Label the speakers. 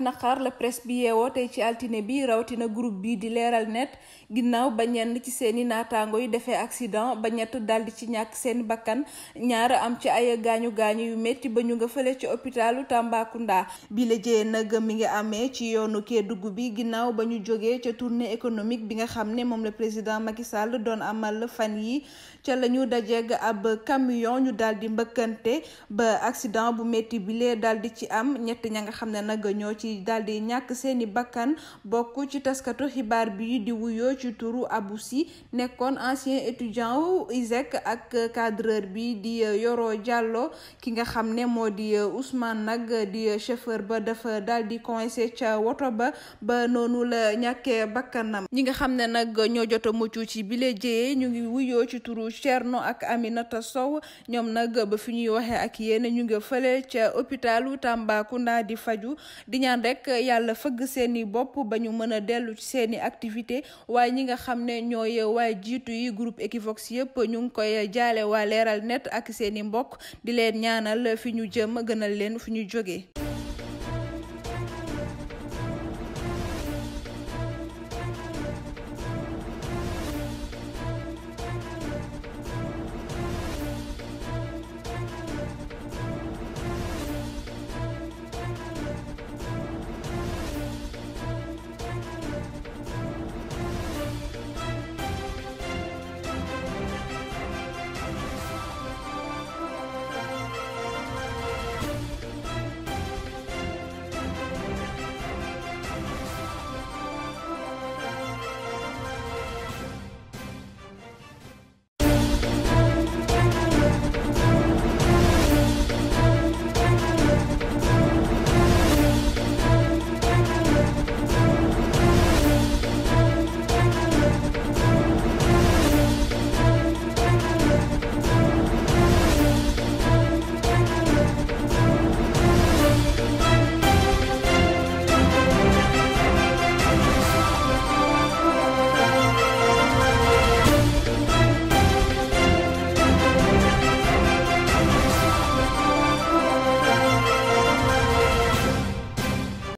Speaker 1: ab naqar la presse bi yeewoo tey ci altine bi rawatina groupe bi di leeral net ginnaaw ba ñenn ci seeni naataango yi defee accident ba ñett daldi ci ñàkk seen bakkan ñaar am ci ay gaañu gaañu yu métti ba ñu nga fële ci hôpitalu Tambacounda bi la jee nag mi ngi amee ci yoonu Kédougou bi ginnaaw ba ñu jógee ca tournée économique bi nga xam ne moom la président Macky Sall doon amal fan yi ca la ñu dajeeg ab camion ñu daldi mbëkkante ba accident bu métti bi lee daldi ci am ñett ña yi daal di ñàkk seeni bakkan bokk ci taskatu xibaar bi di wuyoo ci turu Abou Sy nekkoon ancien étudiant wu ISEC ak cadreur bi di Yoro Diallo ki nga xam ne moo di Ousmane nag di chauffeur ba dafa daal di coincé ca woto ba ba noonu la ñàkkee bakkanam ñi nga xam ne nag ñoo jot a ci bile jëyee ñu ngi wuyoo ci turu cherno ak Aminata Sow ñoom nag ba fi ñuy waxee ak yéen ñu ngi fële ca hôpitalu Tambacounda di faju di ñaan rek yàlla fëgg seeni bopp ba ñu mën a dellu ci seeni activité waaye ñi nga xam ne ñooy waaye jiitu yi groupe Equivox yëpp ñu ngi koy jaale waa Leeral Net ak seeni mbokk di leen ñaanal fi ñu jëm gënal leen fi ñu jógee